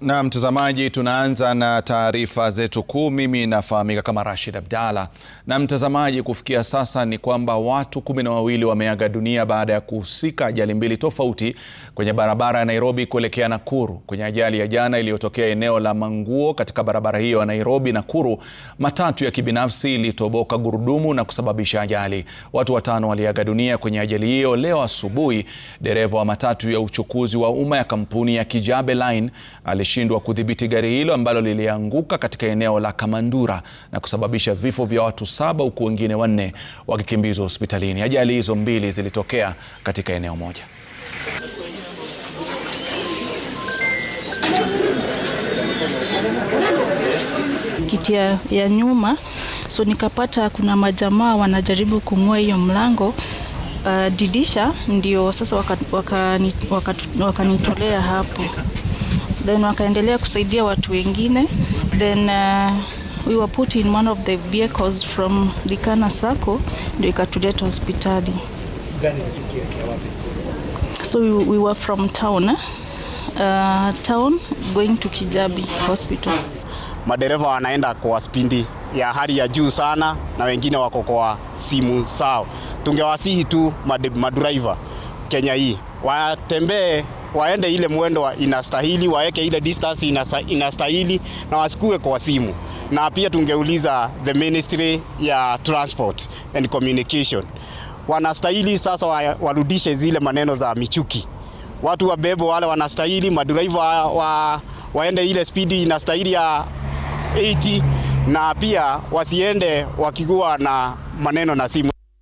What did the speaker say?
Na mtazamaji, tunaanza na taarifa zetu kuu. Mimi nafahamika kama Rashid Abdalla. Na mtazamaji, kufikia sasa ni kwamba watu kumi na wawili wameaga dunia baada ya kuhusika ajali mbili tofauti kwenye barabara ya Nairobi kuelekea Nakuru. Kwenye ajali ya jana iliyotokea eneo la Manguo katika barabara hiyo ya Nairobi Nakuru, matatu ya kibinafsi ilitoboka gurudumu na kusababisha ajali. Watu watano waliaga dunia kwenye ajali hiyo leo asubuhi. Dereva wa matatu ya uchukuzi wa umma ya kampuni ya Kijabe Line walishindwa kudhibiti gari hilo ambalo lilianguka katika eneo la Kamandura na kusababisha vifo vya watu saba huku wengine wanne wakikimbizwa hospitalini. Ajali hizo mbili zilitokea katika eneo moja. Kiti ya nyuma, so nikapata kuna majamaa wanajaribu kung'oa hiyo mlango Uh, didisha ndio sasa wakanitolea waka, waka, waka hapo then wakaendelea kusaidia watu wengine then uh, we were put in one of the vehicles from dikana Sacco ndio ikatuleta hospitali. So we, we were from town eh? uh, town going to Kijabi hospital. Madereva wanaenda kwa spindi ya hali ya juu sana, na wengine wako kwa simu sawa. Tungewasihi tu madriver Kenya hii watembee waende ile mwendo wa inastahili, waeke ile distance inastahili na wasikue kwa simu. Na pia tungeuliza the ministry ya transport and communication, wanastahili sasa warudishe zile maneno za michuki, watu wabebo wale wanastahili, madriver wa, wa, waende ile spidi inastahili ya 80 na pia wasiende wakikuwa na maneno na simu.